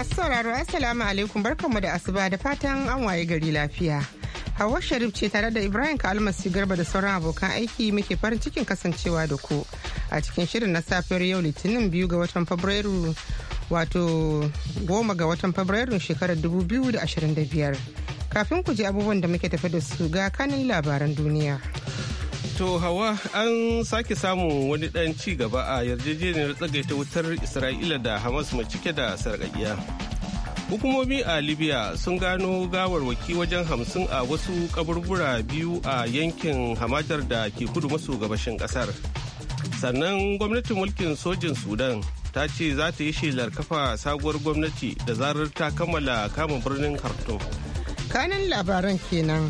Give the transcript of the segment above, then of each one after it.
Masu sauraro Assalamu alaikum barkanmu da asuba da fatan an waye gari lafiya. Hawa Sharif ce tare da Ibrahim Kalmasi Garba da sauran abokan aiki muke farin cikin kasancewa da ku a cikin shirin na safiyar yau Litinin biyu ga watan Fabrairu wato goma ga watan Fabrairu shekarar 2025. Kafin ku ji abubuwan da muke tafi da su ga kanin labaran duniya. To hawa an sake samun wani ɗan ci gaba a yarjejeniyar tsagaita wutar Isra'ila da Hamas mai cike da sarƙaƙiya. Hukumomi a Libya sun gano gawarwaki wajen hamsin a wasu kaburbura biyu a yankin hamadar da ke kudu maso gabashin ƙasar. Sannan gwamnatin mulkin sojin Sudan ta ce za ta yi shelar kafa sabuwar gwamnati da zarar ta kammala kama birnin Khartoum. Kanan labaran kenan.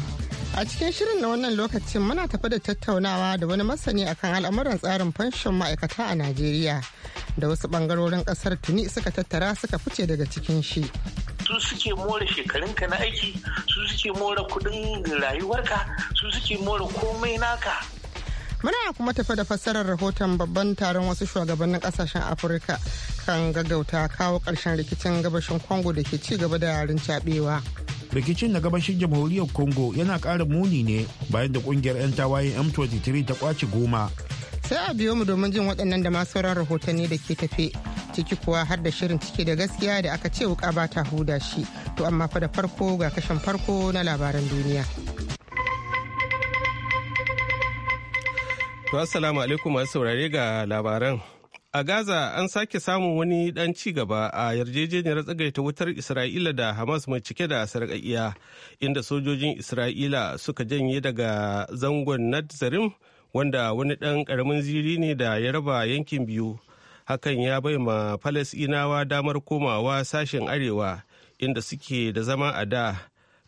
A cikin shirin na wannan lokacin muna tafi da tattaunawa da wani masani akan al'amuran tsarin fanshon ma'aikata a Najeriya da wasu bangarorin kasar tuni suka tattara suka fice daga cikin shi. Su suke more shekarunka na aiki, su suke more kudin rayuwarka, su suke more komai naka. Muna kuma tafe da fassarar rahoton babban taron wasu shugabannin kasashen Afirka kan gaggauta kawo karshen rikicin gabashin Congo da ke ci gaba da rincaɓewa. Rikicin na gabashin jamhuriyar Congo yana ƙara muni ne bayan da ƙungiyar 'yan tawayen M23 ta kwace goma. Sai a biyo mu domin jin waɗannan da masu sauran rahotanni da ke tafe. Ciki kuwa har da shirin ciki da gaskiya da aka ce wuka ba ta huda shi. To amma fa da farko ga kashin farko na labaran duniya. To assalamu alaikum masu saurare ga labaran. A Gaza an sake samun wani ɗan ci gaba a yarjejeniyar tsagaita wutar Isra'ila da Hamas mai cike da sarƙaƙiya inda sojojin Isra'ila suka janye daga zangon Nazarim wanda wani ɗan ƙaramin ziri ne da ya raba yankin biyu. Hakan ya bai ma Falasɗinawa damar komawa sashen arewa inda suke da zama a da.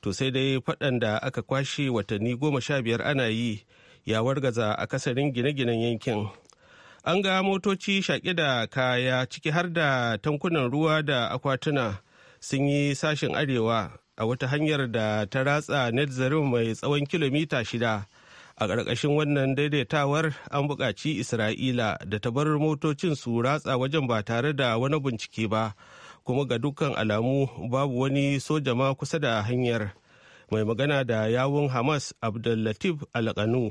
To sai dai faɗan da aka kwashe watanni goma sha biyar ana yi ya wargaza kasarin gine-ginen yankin an ga motoci shaƙi da kaya ciki har da tankunan ruwa da akwatuna sun yi sashen arewa a wata hanyar da ta ratsa netzarin mai tsawon kilomita shida a ƙarƙashin wannan daidaitawar an buƙaci isra'ila da ta bar motocin su ratsa wajen ba tare da wani bincike ba kuma ga dukkan alamu babu wani soja ma kusa da hanyar mai magana da yawun hamas abdullatif alƙanu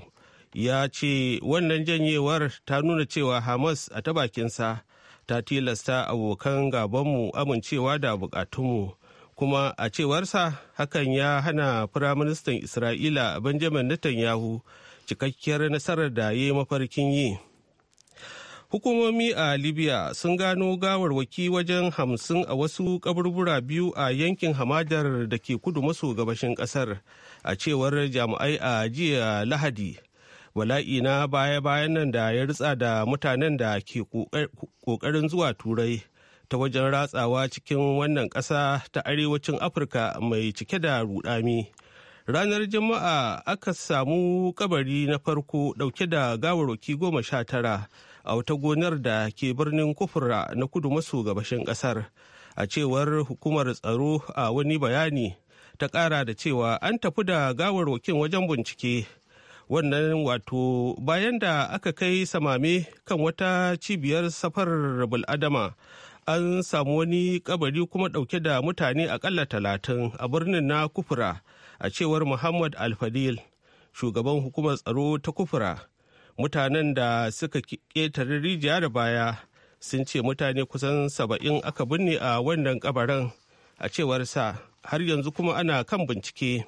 ya ce wannan janyewar ta nuna cewa hamas a ta bakinsa ta tilasta abokan gabanmu amincewa da bukatunmu kuma a cewarsa hakan ya hana firaministan isra'ila benjamin netanyahu cikakkiyar nasarar da ya yi mafarkin yi hukumomi a libya sun gano gawarwaki wajen hamsin a wasu kaburbura biyu a yankin hamadar da ke kudu maso gabashin kasar a cewar jami'ai a jiya lahadi wala'i na baya-bayan nan da ya ritsa da mutanen da ke ƙoƙarin zuwa turai ta wajen ratsawa cikin wannan ƙasa ta arewacin afirka mai cike da rudami ranar juma'a aka samu kabari na farko ɗauke da gawarwaki goma sha tara a wata gonar da ke birnin kufura na kudu maso gabashin ƙasar a cewar hukumar tsaro a wani bayani ta ƙara da cewa an tafi da gawarwakin wajen bincike wannan wato bayan da aka kai samame kan wata cibiyar safarar adama an samu wani kabari kuma dauke da mutane akalla talatin a birnin na kufura a cewar muhammad alfadil shugaban hukumar tsaro ta kufura mutanen da suka ketare rijiya da baya sun ce mutane kusan saba'in aka binne a wannan kabarin a cewar sa har yanzu kuma ana kan bincike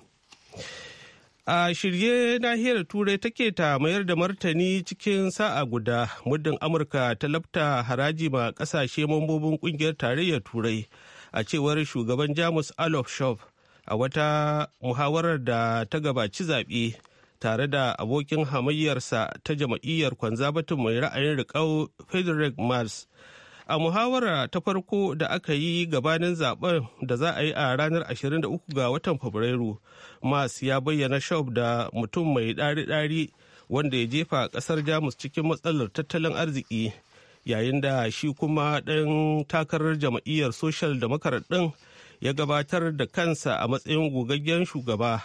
a shirye nahiyar turai take ta mayar da martani cikin sa'a guda muddin amurka ta lafta haraji ma kasashe mambobin kungiyar tarayyar turai a cewar shugaban jamus alof shop a wata muhawarar da ta gabaci zaɓe tare da abokin hamayyarsa ta jama'iyyar batun mai ra'ayin riƙau frederick mars a muhawara ta farko da aka yi gabanin zaben da za a yi a ranar 23 ga watan fabrairu mas ya bayyana shop da mutum mai ɗari-ɗari wanda ya jefa ƙasar jamus cikin matsalar tattalin arziki yayin da shi kuma ɗan takarar jama'iyyar social da ɗin ya gabatar da kansa a matsayin gogaggen shugaba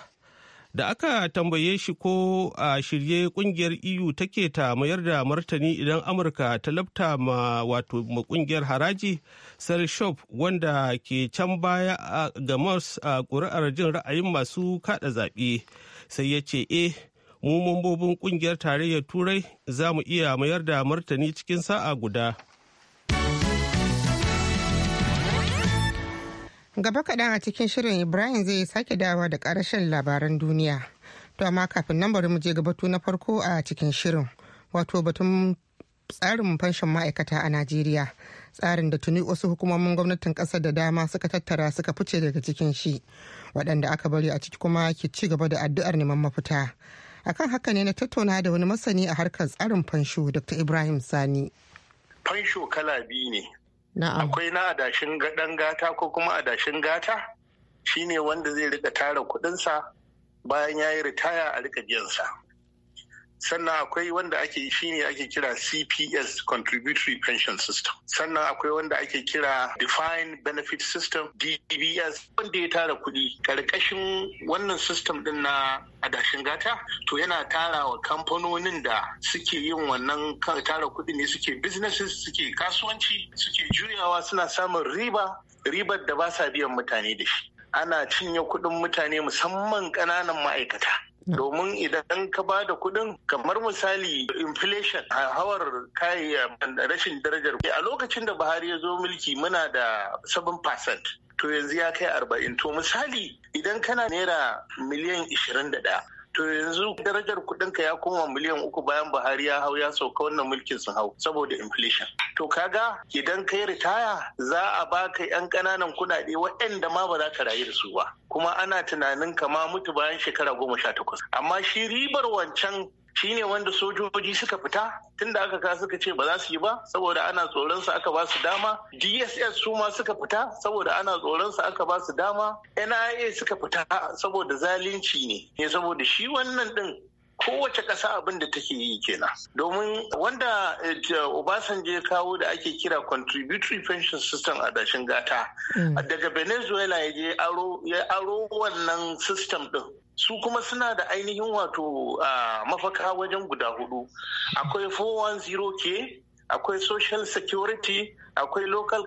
da aka tambaye shi ko a shirye kungiyar eu take ta mayar da martani idan amurka ta labta ma wato ma kungiyar haraji sir shop wanda ke can baya ga mars a ƙuri'ar jin ra'ayin masu kada zaɓe sai ya ce eh mu mambobin kungiyar tarayyar turai za mu iya mayar da martani cikin sa'a guda Gaba kaɗan a cikin shirin Ibrahim zai sake dawa da ƙarashin labaran duniya. To amma kafin nan bari mu je ga batu na farko a cikin shirin. Wato batun tsarin fanshin ma'aikata a Najeriya. Tsarin da tuni wasu hukumomin gwamnatin ƙasar da dama suka tattara suka fice daga cikin shi. Waɗanda aka bari a ciki kuma ke ci gaba da addu'ar neman mafita. Akan haka ne na tattauna da wani masani a harkar tsarin fansho Dr. Ibrahim Sani. fansho kala biyu ne akwai na adashin gaɗan gata ko kuma adashin gata shi ne wanda zai rika tara kuɗinsa bayan ya yi ritaya a rika biyansa sannan akwai wanda ake ne ake kira CPS contributory pension system sannan akwai wanda ake kira defined benefit system DBS wanda ya tara kuɗi ƙarƙashin wannan system ɗin na adashin gata to yana tara wa kamfanonin da suke yin wannan tara kuɗi ne suke businesses suke kasuwanci suke juyawa suna samun riba ribar da ba sa biyan mutane da shi ana cinye kuɗin mutane musamman ƙananan ma'aikata Domin idan ka ba da kuɗin kamar misali inflation a hawar kayan um, rashin darajar a lokacin da Buhari ya zo mulki muna da 7%. to yanzu ya kai arba'in to misali idan kana naira miliyan 21 to yanzu darajar kuɗin ka ya koma miliyan uku bayan Buhari ya hau ya sauka wannan mulkin sun hau saboda inflation to kaga idan kai ritaya za a baka yan ƙananan kuɗaɗe waɗanda ma ba za ka rayu da su ba kuma ana tunanin kama mutu bayan shekara goma sha takwas amma shi ribar wancan shine wanda sojoji suka fita tun da aka ka suka ce ba za su yi ba saboda ana tsoron su aka ba su dama dss su ma suka fita saboda ana tsoron su aka ba su dama nia suka fita saboda zalunci ne ne saboda shi wannan din kowace ƙasa abin da take yi kenan domin wanda eh, obasanjo ya kawo da ake kira contributory pension system a dashin gata mm. daga venezuela ya je aro wannan system din su kuma suna da ainihin wato mafaka wajen guda hudu akwai 410k akwai social security akwai local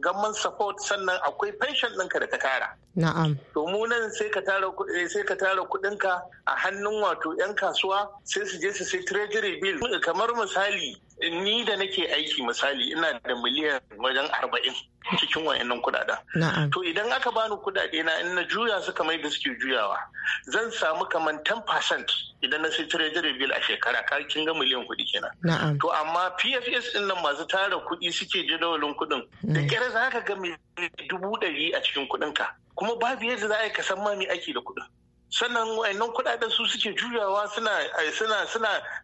government support sannan akwai pension ɗinka da ka tara. Na'am. To mu nan sai ka tara kudinka eh, a hannun wato 'yan kasuwa sai su je su sai treasury bill kamar misali ni da nake aiki misali ina da miliyan wajen arba'in cikin wayannan kudaden. To idan aka bani kudade na ina juya su kamar da suke juyawa zan samu kamar 10% idan na sai treasury bill a shekara ka kin ga miliyan kudi kenan. To amma PFS din nan masu tara kudi suke jadawalin kudin da kyar mm. za ka ga dubu ɗari a cikin kudin ka kuma babu yadda za a yi ka san ma me ake da kudin. sannan wayannan kudaden su suke juyawa eh, suna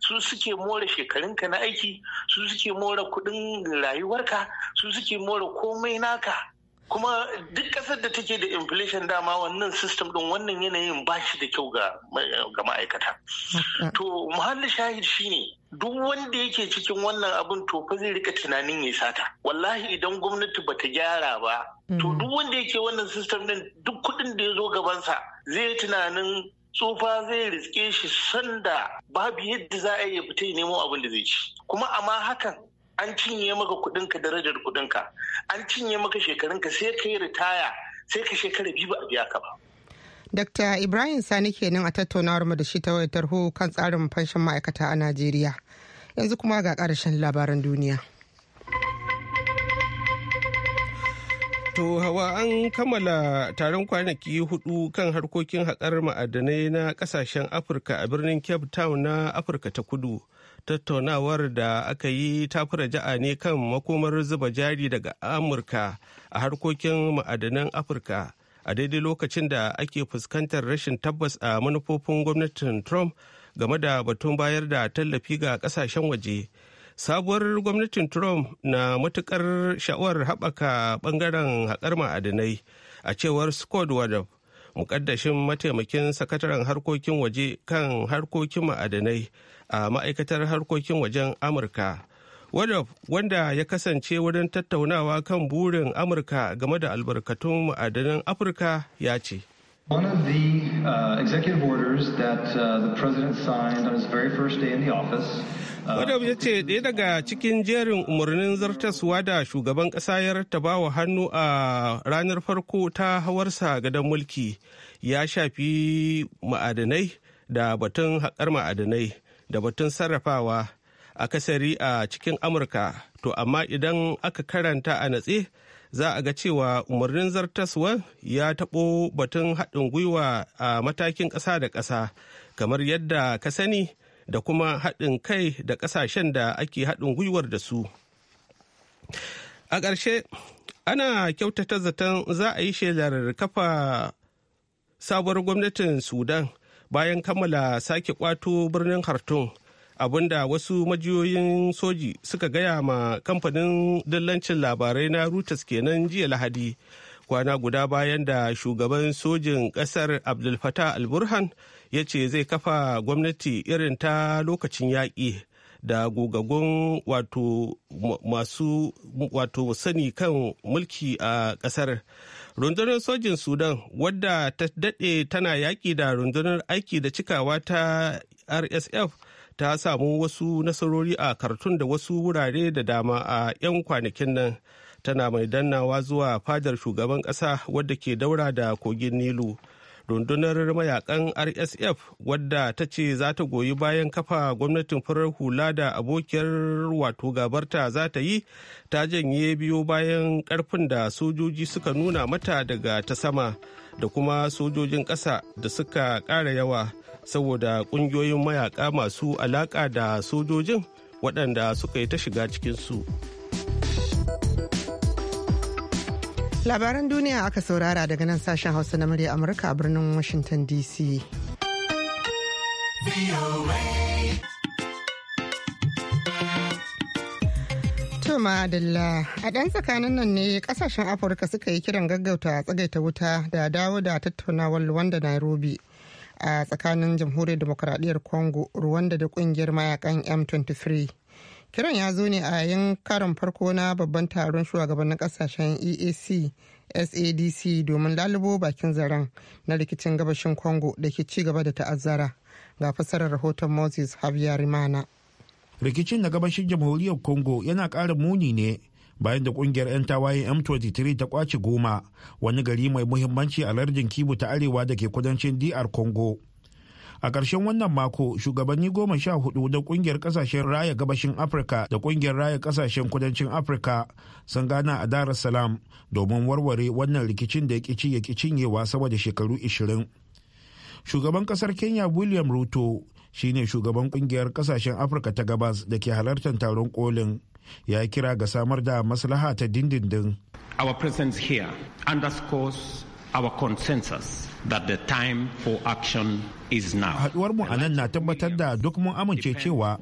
su suke more shekarunka na aiki su suke more kudin rayuwarka su suke more komai naka kuma duk ƙasar da take da inflation dama wannan system din wannan yanayin ba shi da kyau ga ma'aikata to muhalli shahid shine duk wanda yake cikin wannan abin to fa zai rika tunanin ya sata wallahi idan gwamnati bata gyara ba to mm. duk wanda yake wannan system din duk kuɗin da ya zo gabansa zai tunanin tsufa zai riske shi sanda babu yadda za a iya fita nemo abin da zai ci kuma amma hakan an cinye maka kuɗinka darajar kuɗinka an cinye maka shekarunka sai ka yi ritaya sai ka shekara biyu ba a biya ka ba. Dr. Ibrahim Sani kenan a tattaunawar mu da shi ta wayar tarho kan tsarin fanshin ma'aikata a Najeriya. Yanzu kuma ga ƙarshen labaran duniya. To hawa an kammala taron kwanaki hudu kan harkokin haƙar ma'adanai na ƙasashen Afirka a birnin Cape Town na Afirka ta kudu. tattaunawar da aka yi ta fara ja'a ne kan makomar zuba jari daga amurka a harkokin ma'adanan afirka a daidai lokacin da ake fuskantar rashin tabbas a manufofin gwamnatin trump game da batun bayar da tallafi ga kasashen waje sabuwar gwamnatin trump na matukar sha'awar haɓaka ɓangaren haƙar ma'adanai a cewar scott wadab mukaddashin mataimakin sakataren harkokin waje kan harkokin ma'adanai a ma'aikatar harkokin wajen amurka wanda ya kasance wurin tattaunawa kan burin amurka game da albarkatun ma'adanan afirka ya ce One uh, uh, ya ce ɗaya daga cikin jerin umarnin zartaswa da shugaban ƙasa ya wa hannu a ranar farko ta hawarsa gadon mulki ya shafi ma'adanai da batun haƙar ma'adanai da batun sarrafawa a kasari a cikin amurka to amma idan aka karanta a natse za a ga cewa umarnin Zartaswa ya taɓo batun haɗin gwiwa a matakin ƙasa da ƙasa kamar yadda ka sani da kuma haɗin kai da ƙasashen da ake haɗin gwiwar da su a ƙarshe ana kyautata zaton za a yi shelar kafa sabuwar gwamnatin sudan bayan kammala sake kwato birnin Khartoum abinda wasu majiyoyin soji suka gaya ma kamfanin dillancin labarai na Reuters kenan jiya Lahadi kwana guda bayan da shugaban sojin ƙasar Abdul Alburhan ya ce zai kafa gwamnati irin ta lokacin yaƙi da gogaggun wato masu wato sani kan mulki a ƙasar. rundunar sojin sudan wadda ta daɗe tana yaƙi da rundunar aiki da cikawa ta rsf ta samu wasu nasarori a kartun da wasu wurare da dama a 'yan kwanakin nan tana mai dannawa zuwa fadar shugaban ƙasa wadda ke daura da kogin nilu rundunar mayakan rsf wadda ta ce za ta goyi bayan kafa gwamnatin farar hula da abokiyar wato gabarta za ta yi ta janye biyo bayan karfin da sojoji suka nuna mata daga ta sama da kuma sojojin ƙasa da suka ƙara yawa saboda ƙungiyoyin mayaka masu alaƙa da sojojin waɗanda suka yi ta shiga cikinsu. Labaran duniya aka saurara daga nan sashen Hausa na murya Amurka a birnin Washington DC. Tuma a ɗan tsakanin nan ne ƙasashen Afirka suka yi kiran gaggauta tsagaita wuta da dawo da tattaunawar Luwanda Nairobi a tsakanin Jamhuriyar demokradiyyar Congo, ruwanda da ƙungiyar mayakan M23. kiran ya zo ne a yayin karin farko na babban taron shugabannin kasashen eac sadc domin lalubo bakin zaren na rikicin gabashin congo da ke ci gaba da ta'azzara ga fasarar rahoton moses javier mana rikicin na gabashin jamhuriyar congo yana ƙara muni ne bayan da kungiyar 'yan tawayen m23 ta kwace goma wani gari mai muhimmanci a lardin kibu ta arewa da ke kudancin dr congo a ƙarshen wannan mako shugabanni goma sha hudu da ƙungiyar ƙasashen raya gabashin afirka da ƙungiyar raya ƙasashen kudancin afirka sun gana a dar es domin warware wannan rikicin da ya ƙi ya cinyewa sama da shekaru ishirin. shugaban ƙasar kenya william ruto shine shugaban ƙungiyar ƙasashen afirka ta gabas da ke halartar taron kolin ya kira ga samar da maslaha ta dindindin our presence here our consensus that the time for action is now. Haduwar mu anan na tabbatar da duk mun amince cewa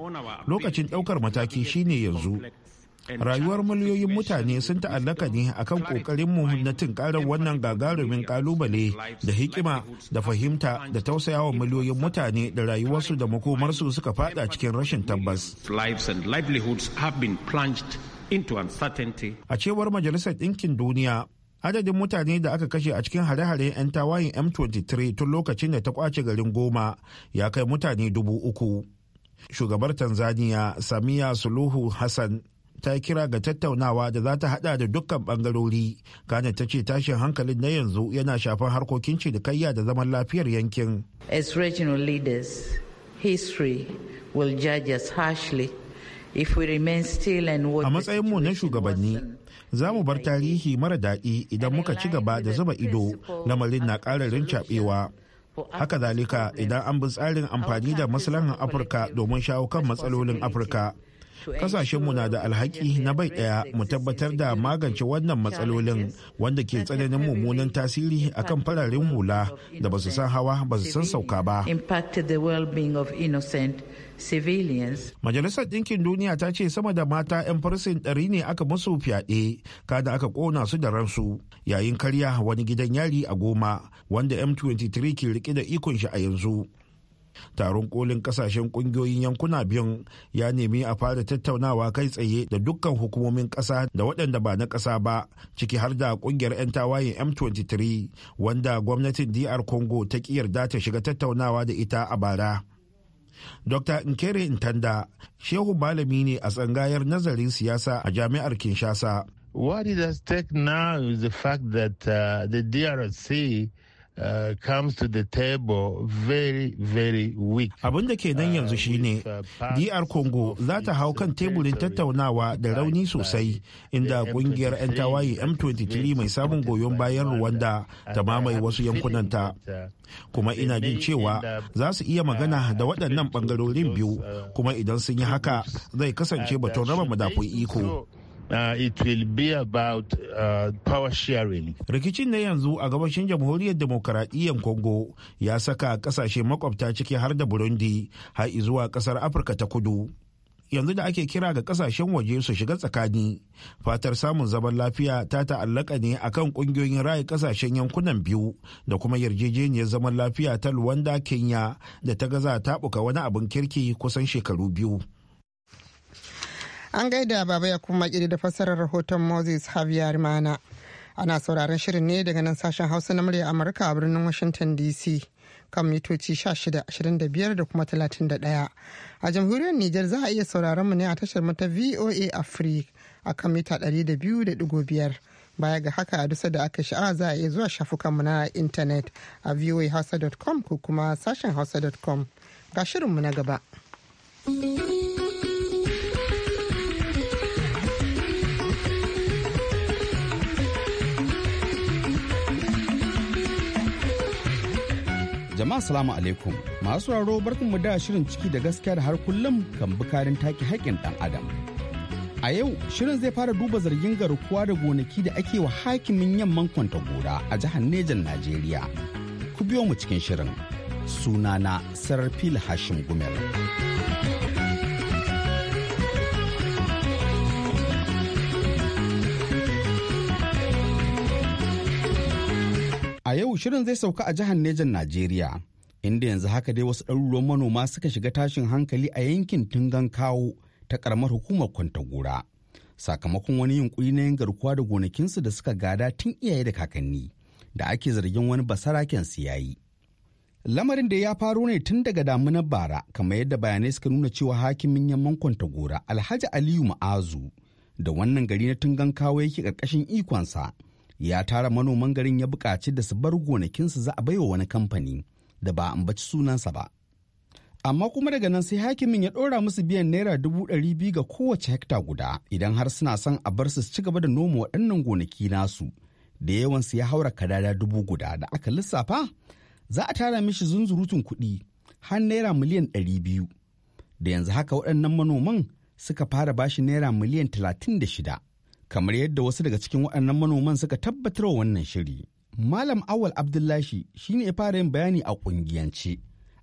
lokacin ɗaukar mataki shine yanzu. Rayuwar miliyoyin mutane sun ta'allaka ne akan kokarin mu na tunkarar wannan gagarumin ƙalubale, da hikima da fahimta da tausayawa miliyoyin mutane da rayuwarsu da makomarsu suka fada cikin rashin tabbas. Lives and livelihoods have been plunged A cewar Majalisar Ɗinkin Duniya, adadin mutane da aka kashe a cikin hare-hare 'yan tawayin m23 tun lokacin da ta kwace garin goma ya kai mutane dubu uku shugabar tanzania samiya suluhu hassan ta kira ga tattaunawa da za ta hada da dukkan bangarori kana ta ce tashin hankalin na yanzu yana shafan harkokin cinikayya da zaman lafiyar yankin as regional leaders history will judge us harshly if we remain still and a matsayinmu na shugabanni za mu bar tarihi mara daɗi idan muka ci gaba da zuba ido lamarin na ƙara rincaɓewa haka zalika idan an bi tsarin amfani da maslahan afirka domin shawo kan matsalolin afirka mu na da alhaki na bai daya mu tabbatar da magance wannan matsalolin wanda ke tsananin mummunan tasiri akan fararen hula da ba su san hawa ba su san sauka ba. Majalisar Ɗinkin Duniya ta ce sama da mata 'yan farsin ɗari ne aka musu fyaɗe kada aka ƙona su da ransu yayin karya wani gidan yari a goma wanda M23 ke rike da ikon shi a yanzu. taron kolin kasashen kungiyoyin yankuna biyun ya nemi a fara tattaunawa kai tsaye da dukkan hukumomin kasa da waɗanda ba na kasa ba ciki har da kungiyar 'yan tawayin m23 wanda gwamnatin dr congo ta yarda ta shiga tattaunawa da ita a bara dr nkere intanda shehu malami ne a tsangayar nazarin siyasa a jami'ar kinshasa What is at stake now is the fact that uh, the DRC Uh, comes to the table very very Abin da ke nan uh, yanzu shine uh, DR Congo za ta hau kan teburin tattaunawa da rauni sosai inda kungiyar 'yan tawaye M23 mai samun goyon bayan Rwanda ta mamaye wasu yankunanta. Kuma ina jin cewa za su iya magana uh, da waɗannan ɓangarorin biyu kuma idan sun yi haka zai kasance batun raba madafun iko. Uh, it will be about uh, power sharing. Rikicin na yanzu a gabashin jamhuriyar demokaradiyyar Congo ya saka kasashe makwabta ciki har da Burundi har zuwa kasar Afirka ta kudu. Yanzu da ake kira ga kasashen waje su shiga tsakani, fatar samun zaman lafiya ta ta'allaka ne a kan ƙungiyoyin raye kasashen yankunan biyu da kuma yarjejeniyar zaman lafiya ta Luwanda Kenya da ta gaza taɓuka wani abin kirki kusan shekaru biyu. An gaida baba ya kuma kiri da fassarar rahoton Moses Javier Mana. Ana sauraron shirin ne daga nan sashen Hausa na murya Amurka a birnin Washington DC. kan mitoci 16-25 da kuma 31 a jamhuriyar Nijar za a iya sauraron mu ne a tashar mata VOA Africa a kan mita 200.5 baya ga haka a dusa da aka sha'a za a iya zuwa shafukanmu na intanet a voahausa.com ko kuma sashen hausa.com ga shirinmu na gaba. Jama'a salamu alaikum masu raro barkan mu da shirin ciki da gaskiya da har kullum kan bukarin take haƙƙin dan adam. A yau shirin zai fara duba zargin garkuwa da gonaki da ake wa hakimin yamman Kwantagora a jihar Nejan Najeriya. Ku biyo mu cikin shirin sunana Sarfil Hashim Gumel. A yau shirin zai sauka a jihar Nejan Najeriya, inda yanzu haka dai wasu ɗaruruwan manoma suka shiga tashin hankali a yankin Tungan Kawo ta ƙaramar hukumar Kwantagora. Sakamakon wani yunkuri na yin garkuwa da gonakinsu da suka gada tun iyaye da kakanni, da ake zargin wani basaraken su yi. Lamarin da ya faro ne tun daga damunar bara, kamar yadda bayanai suka nuna cewa hakimin yamman gora Alhaji Aliyu Ma'azu da wannan gari na Tungan Kawo yake ƙarƙashin ikonsa. ya tara manoman garin ya buƙaci da su bar gonakinsu za a baiwa wani kamfani da ba an baci sunansa ba. Amma kuma daga nan sai hakimin ya ɗora musu biyan naira dubu ɗari biyu ga kowace hekta guda idan har suna son a bar su ci gaba da noma waɗannan gonaki nasu da yawansu ya haura kadada dubu guda da aka lissafa za a tara mishi zunzurutun kuɗi har naira miliyan ɗari biyu da yanzu haka waɗannan manoman suka fara bashi naira miliyan talatin da shida. kamar yadda wasu daga cikin waɗannan manoman suka tabbatar wa wannan shiri. Malam Awal Abdullahi shi ne fara yin bayani a ƙungiyance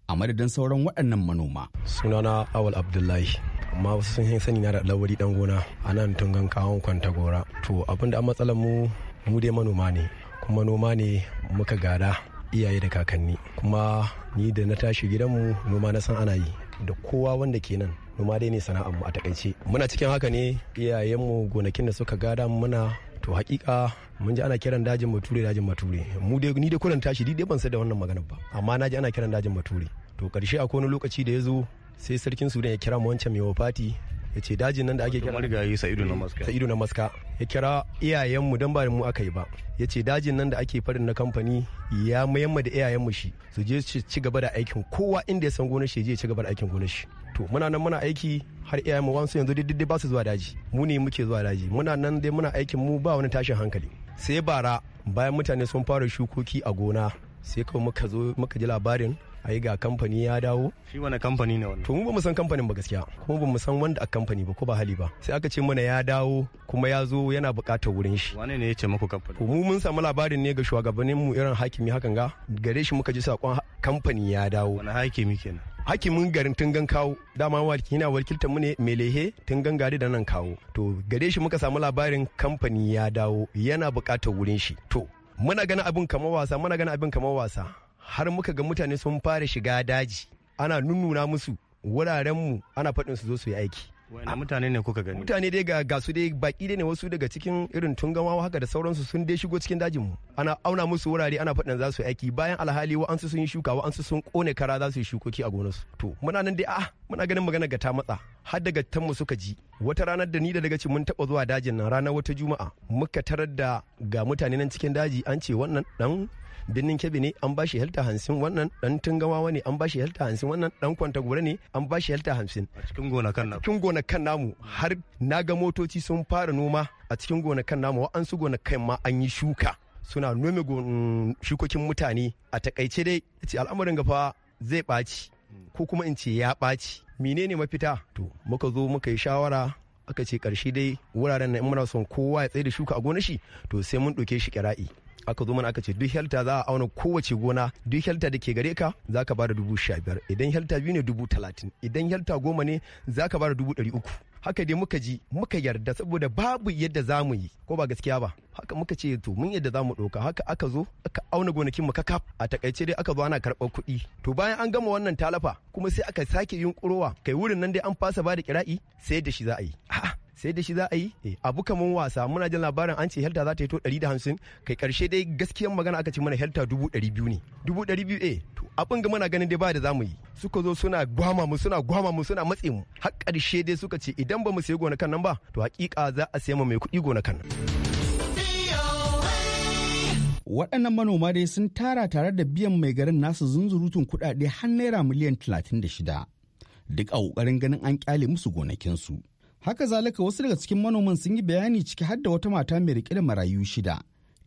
a madadin sauran waɗannan manoma. Sunana Awal Abdullahi. amma sun yi sani na da lawari ɗan gona a nan tungan kawon kwanta gora to abin da an matsalar mu mu dai manoma ne kuma noma ne muka gada iyaye da kakanni kuma ni da na tashi gidanmu noma na san ana yi da kowa wanda ke nan noma dai ne sana'ar mu a takaice muna cikin haka ne iyayenmu gonakin da suka gada muna to hakika mun ji ana kiran dajin bature dajin bature mu dai ni dai kullun tashi dai ban san da wannan magana ba amma na ji ana kiran dajin bature to karshe akwai wani lokaci da ya zo sai sarkin sudan ya kira mu wancan mai wafati ya ce dajin nan da ake kira marigayi sa'idu na maska sa'idu na maska ya kira iyayenmu don ba mu aka yi ba ya ce dajin nan da ake farin na kamfani ya mayamma da iyayenmu shi su je su ci gaba da aikin kowa inda ya san gonar shi je ci gaba da aikin gonar shi to muna nan muna aiki har iyayenmu wasu yanzu dai ba su zuwa daji mu ne muke zuwa daji muna nan dai muna aikin mu ba wani tashin hankali sai bara bayan mutane sun fara shukoki a gona sai kawai muka zo muka ji labarin ai ga kamfani ya dawo shi wani kamfani ne wannan to mu ba mu san kamfanin ba gaskiya kuma ba mu san wanda a kamfani ba ko ba hali ba sai aka ce mana ya dawo kuma ya zo yana buƙatar wurin shi wane ne ya ce muku kamfani mu mun samu labarin ne ga shugabannin mu irin hakimi hakan ga gare shi muka ji sakon kamfani ya dawo wani hakimi kenan hakimin garin tungan kawo dama walki yana wakiltar mu ne melehe tungan gari da nan kawo to gare shi muka samu labarin kamfani ya dawo yana buƙatar wurin shi to muna gana abin kamar wasa muna gana abin kamar wasa har muka ga mutane sun fara shiga daji ana nunnuna musu wurarenmu ana faɗin su zo su yi aiki a mutane ne kuka gani mutane dai ga gasu dai baki dai ne wasu daga cikin irin tungamawa haka da sauransu sun dai shigo cikin dajin mu ana auna musu wurare ana faɗin za su yi aiki bayan alhali wa'ansu sun yi shuka wa'ansu sun kone kara za su yi shukoki a gonarsu to muna nan dai a ah, muna ganin magana ga ta matsa har daga mu suka ji wata ranar da ni da daga mun taba zuwa dajin nan ranar wata juma'a muka tarar da ga mutane nan cikin daji an ce wannan dan birnin kebbi ne an bashi halitta hamsin wannan dan tungawa ne an bashi halitta hamsin wannan dan kwanta gure ne an bashi halitta hamsin a cikin gonakan namu cikin gonakan namu har na ga motoci sun fara noma a cikin gonakan namu an gona gonakan ma an yi shuka suna nome mm, shukokin mutane a takaice dai ce al'amarin gafa zai ɓaci ko kuma in ce ya ɓaci menene mafita to muka zo muka yi shawara aka ce ƙarshe dai wuraren na in muna son kowa ya tsaye da shuka a gona shi to sai mun ɗauke shi kira'i aka zo mana aka ce duk helta za a auna kowace gona duk helta da ke gare ka za ka bada dubu sha biyar idan helta biyu ne dubu talatin idan helta goma ne za ka bada dubu ɗari uku haka dai muka ji muka yarda saboda babu yadda za mu yi ko ba gaskiya ba haka muka ce to mun yadda za mu ɗauka haka aka zo aka auna gonakin mu kaka a takaice dai aka zo ana karɓar kuɗi to bayan an gama wannan talafa kuma sai aka sake yunkurowa kai wurin nan dai an fasa ba da kira'i sai da shi za a yi sai da shi za a yi eh. abu kaman wasa muna jin labarin an ce helta za ta yi to 150 kai karshe dai gaskiyan magana aka ce mana helta 200 ne 200 eh to abin ga muna ganin dai ba da zamu yi suka zo suna gwama mu suna gwama mu suna matse mu har karshe dai suka ce idan ba mu sayi gonakan nan ba to hakika za a sayi mu mai kuɗi gonakan nan waɗannan manoma dai sun tara tare da biyan mai garin nasu zunzurutun kuɗaɗe har naira miliyan 36 duk a ƙoƙarin ganin an ƙyale musu gonakinsu haka zalika wasu daga cikin manoman sun yi bayani ciki har da wata mata mai rike da marayu shida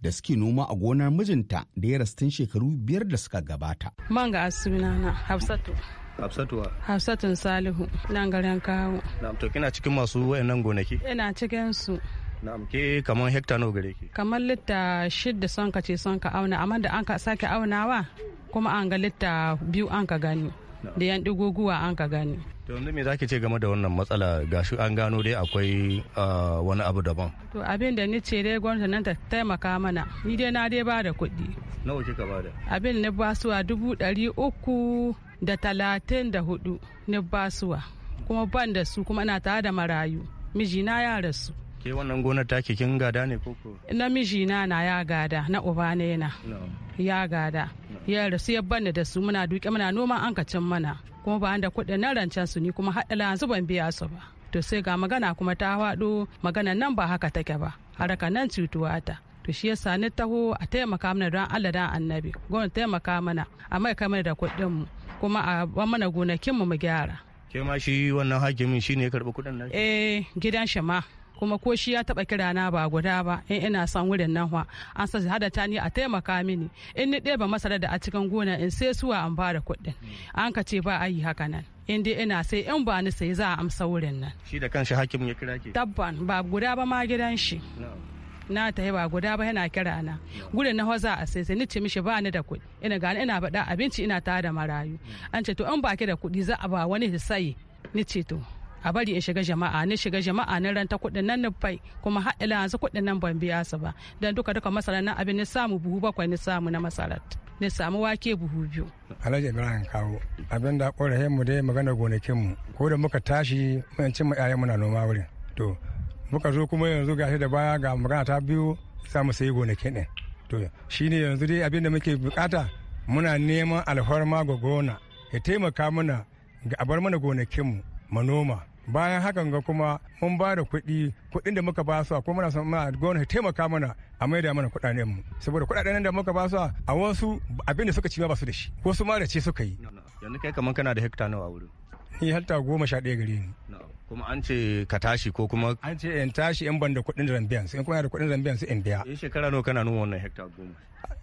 da suke noma a gonar mijinta da ya rastun tun shekaru biyar da suka gabata. Man ga na Hafsatu. Hafsatuwa. Hafsatun Salihu garin kawo. Na'am to kina cikin masu wayannan gonaki? Ina cikin su. Na'am ke kamar hekta nawa gare ki? Kamar litta shidda son ka ce son ka auna amma da an ka sake aunawa kuma an ga litta biyu an ka gani. Da yan digoguwa an ka gani. To wanda me zaki ce game da wannan matsala ga shi an gano dai akwai wani abu daban. To abin da ni ce dai gwamnati nan ta taimaka mana ni dai na dai bada kuɗi. Nawa kika bada? Abin na basuwa dubu ɗari uku da talatin da hudu na basuwa kuma ban da su kuma na tare da marayu mijina ya rasu. Ke wannan gonar take kin gada ne koko? Na mijina na ya gada na uba ne na. Ya gada. ya rasu ya banni da su muna duke muna noma an can mana kuma ba da kudin na rancen su ni kuma haɗala yanzu ban biya su ba to sai ga magana kuma ta faɗo magana nan ba haka take ba haraka nan cutuwa ta to shi yasa ni taho a taimaka mana don Allah da annabi gwamnati taimaka mana a mai kamar da kuɗin mu kuma a ba mana gonakin mu mu gyara ke ma shi wannan hakimin shine ya karɓi kuɗin nan eh gidan shi ma kuma ko shi ya taba kira na ba guda ba in ina son wurin nan wa an sa hada ta ni a taimaka mini in ni ɗeba masara da a cikin gona in sai suwa an ba da kuɗin an ka ce ba a yi haka nan in dai ina sai in ba ni sai za a amsa wurin nan shi da kanshi hakimin ya kira ke tabban ba guda ba ma gidan shi na ta ba guda ba yana kira na gudun na hoza a sai sai ni ce mishi ba ni da kuɗi ina gani ina bada abinci ina tare da marayu mm. an ce to in baki da kuɗi za a ba wani sai ni ce to a bari ya shiga jama'a ni shiga jama'a na ranta kuɗin nan ni kuma har ila yanzu kuɗin nan ban biya su ba dan duka duka masara nan abin ni samu buhu bakwai ni samu na masarar ni samu wake buhu biyu alhaji ibrahim kawo abin da ƙorafe mu dai magana gonakin mu ko da muka tashi mun ci mu ƴaƴan muna noma wurin to muka zo kuma yanzu gashi da baya ga magana ta biyu za mu sayi gonakin ɗin to shine yanzu dai abin da muke bukata muna neman alfarma ga gona ya taimaka mana ga abar mana gonakin mu. manoma bayan hakan ga kuma mun ba da kuɗi kuɗin da muka ba su kuma muna son a taimaka mana a maida mana kuɗaɗen mu saboda kuɗaɗen da muka ba su a wasu abin da suka ci ba su da shi ko su ma da ce suka yi yanzu kai kamar kana da hekta nawa a wurin ni hekta goma sha ɗaya gare ni kuma an ce ka tashi ko kuma an ce in tashi in ban da kuɗin rambiyan in kuma da kuɗin rambiyan in biya eh shekara nawa kana nuna wannan hekta goma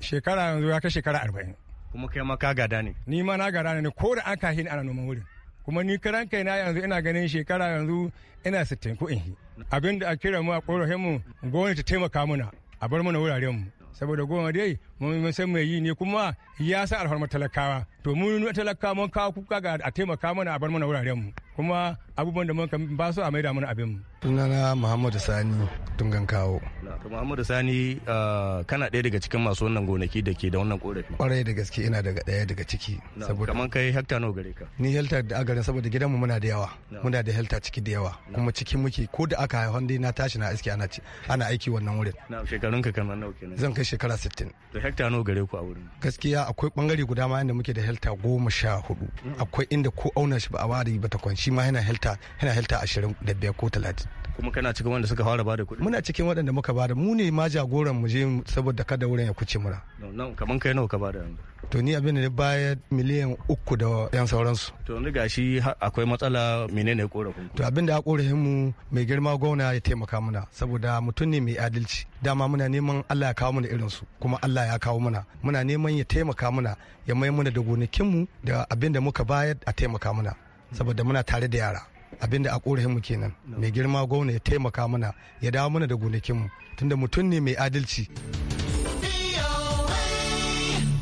shekara yanzu ya kai shekara arba'in kuma kai ma ka gada ne ni ma na gada ne ko da an kahin ana noman wurin kuma ni karan kaina yanzu ina ganin shekara yanzu ina sittin ko abinda abin da a kira mu a ƙorafinmu mu gwamnati ta taimaka mana a bar mana wuraren mu saboda goma dai mun san mai yi ne kuma ya sa alfarmar talakawa to mun talakawa mun kawo kuka ga a taimaka mana a bar mana wuraren mu kuma abubuwan da mun ba su a maida mana abin mu sunana Muhammadu Sani tungan kawo to Muhammadu Sani ah, kana ɗaya daga cikin masu wannan gonaki da ke da wannan korafi kwarai da gaske ina daga ɗaya daga ciki saboda kaman kai hekta nawa gare ka ni hekta da agarin saboda gidan mu muna da yawa muna da hekta ciki da yawa kuma ciki muke ko da aka haifan dai na tashi na iske ana ana aiki wannan wurin na shekarun ka kamar nawa kenan zan kai shekara 60 hekta nawa gare ku a wurin gaskiya akwai bangare guda ma inda muke da hekta goma sha hudu mm. akwai inda ko auna shi ba a wari ba ta kwanci ma yana helta yana hekta ashirin da biyar ko talatin kuma kana cikin wanda suka fara bada kuɗi muna cikin waɗanda muka bada mu ne ma jagoran mu je saboda kada wurin ya kuce mura nan kaman kai nawa ka bada to ni abin da baya miliyan uku da yan sauransu to ni gashi akwai matsala menene korafin to abin da ya kora mu mai girma gwamna ya taimaka muna saboda mutum ne mai adalci dama muna neman Allah ya kawo mana irin su kuma Allah ya kawo muna muna neman ya taimaka muna ya mai muna da gonakin mu da abin da muka bayar a taimaka muna saboda muna tare da yara abinda a mu kenan mai girma gwamna ya taimaka mana ya dawo mana da gonakin mu, tunda mutum ne mai adalci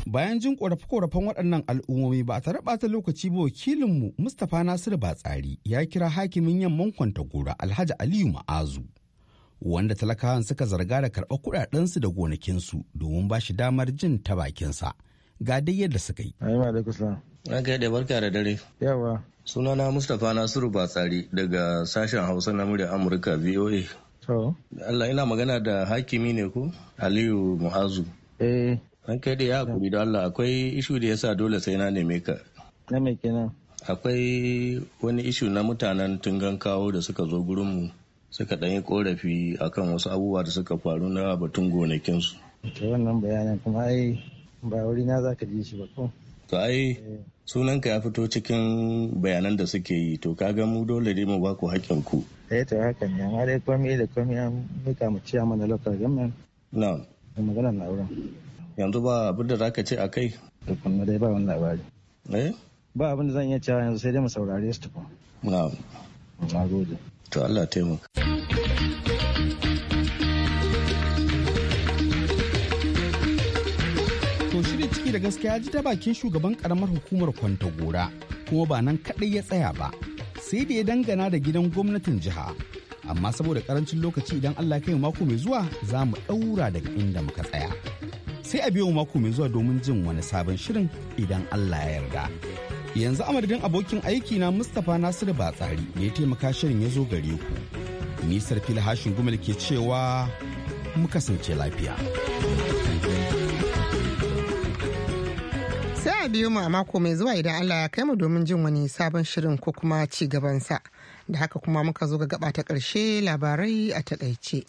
bayan jin korafe-korafen waɗannan al'ummomi ba a tare lokaci ba wakilinmu mustapha nasiru batsari ya kira hakimin yamman kwanta gora alhaji aliyu ma'azu wanda talakawan suka zarga da karɓar kuɗaɗensu da gonakin su domin ba shi damar jin ta bakinsa ga dai yadda suka yi. Na kai da barka da dare. Yawa. Sunana Mustapha Nasiru Batsari daga sashen Hausa na murya Amurka VOA. To. Allah ina magana da hakimi ne ko? Aliyu muhazu. Eh. An kai da ya hakuri da Allah akwai ishu da yasa dole sai na neme ka. Na me kenan? Akwai wani ishu na mutanen tungan kawo da suka zo gurinmu suka ɗan yi korafi akan wasu abubuwa da suka faru na batun gonakinsu. Ta wannan bayanan kuma ai ba wuri na za ka ji shi ba ko? To ai eh. sunanka ya fito cikin bayanan da suke yi to kaga mu dole ne mu baku haƙƙin ku eh to hakan ne amma dai komai da komai an mika mu ciya mana local government na da magana na wurin yanzu ba abin da zaka ce akai to kuma dai ba wani labari eh ba abin da zan iya cewa yanzu sai dai mu saurare su Na na'am na gode to Allah taimaka da gaskiya ji ta bakin shugaban karamar hukumar kwanta gora kuma ba nan kaɗai ya tsaya ba sai da ya dangana da gidan gwamnatin jiha amma saboda karancin lokaci idan Allah kai mako mai zuwa za mu ɗaura daga inda muka tsaya sai a biyo mako mai zuwa domin jin wani sabon shirin idan Allah ya yarda yanzu madadin abokin aiki na Mustapha Nasiru Batsari ne ya taimaka shirin ya zo gare ku ni fili hashin gumal ke cewa muka kasance lafiya. sai a biyu mu a mako mai zuwa idan Allah ya kai mu domin jin wani sabon shirin ko kuma ci gabansa da haka kuma muka zo ga gaba ta ƙarshe labarai a takaice.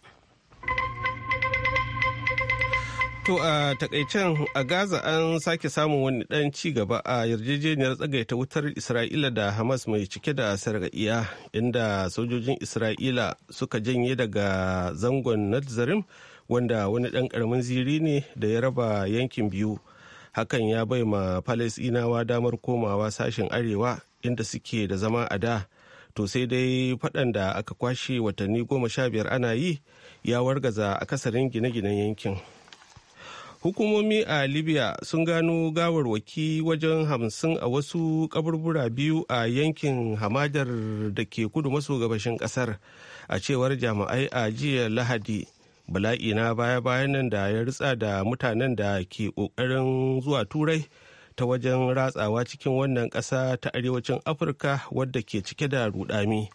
To a takaicen a Gaza an sake samun wani ɗan ci gaba a yarjejeniyar tsagaita wutar Isra'ila da Hamas mai cike da sargaɗiya inda sojojin Isra'ila suka janye daga zangon Nazarim wanda wani ɗan karamin ziri ne da ya raba yankin biyu. hakan ya bai ma falasinawa damar komawa sashen arewa inda suke da zama a da to sai dai faɗan da aka kwashe watanni goma sha biyar ana yi ya wargaza a akasarin gine-ginen yankin hukumomi a libya sun gano gawarwaki wajen hamsin a wasu kaburbura biyu a yankin hamadar da ke kudu maso gabashin kasar a cewar jami'ai a jiya lahadi bala'i na baya-bayan nan da ya ritsa da mutanen da ke ƙoƙarin zuwa turai ta wajen ratsawa cikin wannan ƙasa ta arewacin afirka wadda ke cike da rudami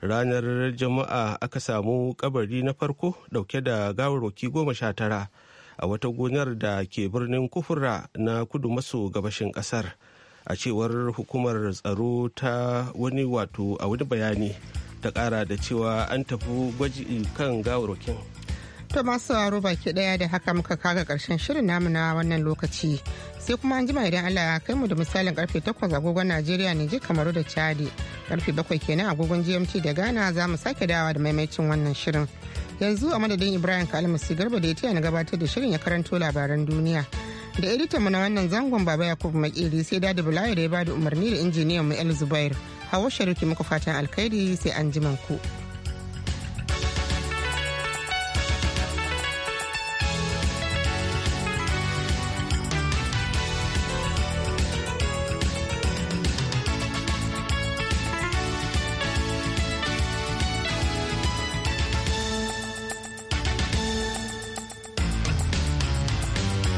ranar jama'a aka samu kabari na farko dauke da gawarwaki goma sha tara a wata gonar da ke birnin kufura na kudu maso gabashin ƙasar a cewar hukumar tsaro ta wani wato a wani bayani ta ƙara da cewa an tafi gwaji kan gawarwakin To masu aro baki daya da haka muka kaga karshen shirin namu na wannan lokaci. Sai kuma an jima idan Allah ya kai mu da misalin karfe 8 agogon Najeriya ne ji kamaru da Chadi. Karfe 7 kenan agogon GMT da Ghana za mu sake dawa da maimaicin wannan shirin. Yanzu a madadin Ibrahim Kalmasi Garba da ya na gabatar da shirin ya karanto labaran duniya. Da editor mu na wannan zangon Baba yakub Makeri sai da Bulayo da ya bada umarni da injiniyan mu El Zubair. Hawa Sharifi muku fatan alkhairi sai an ku.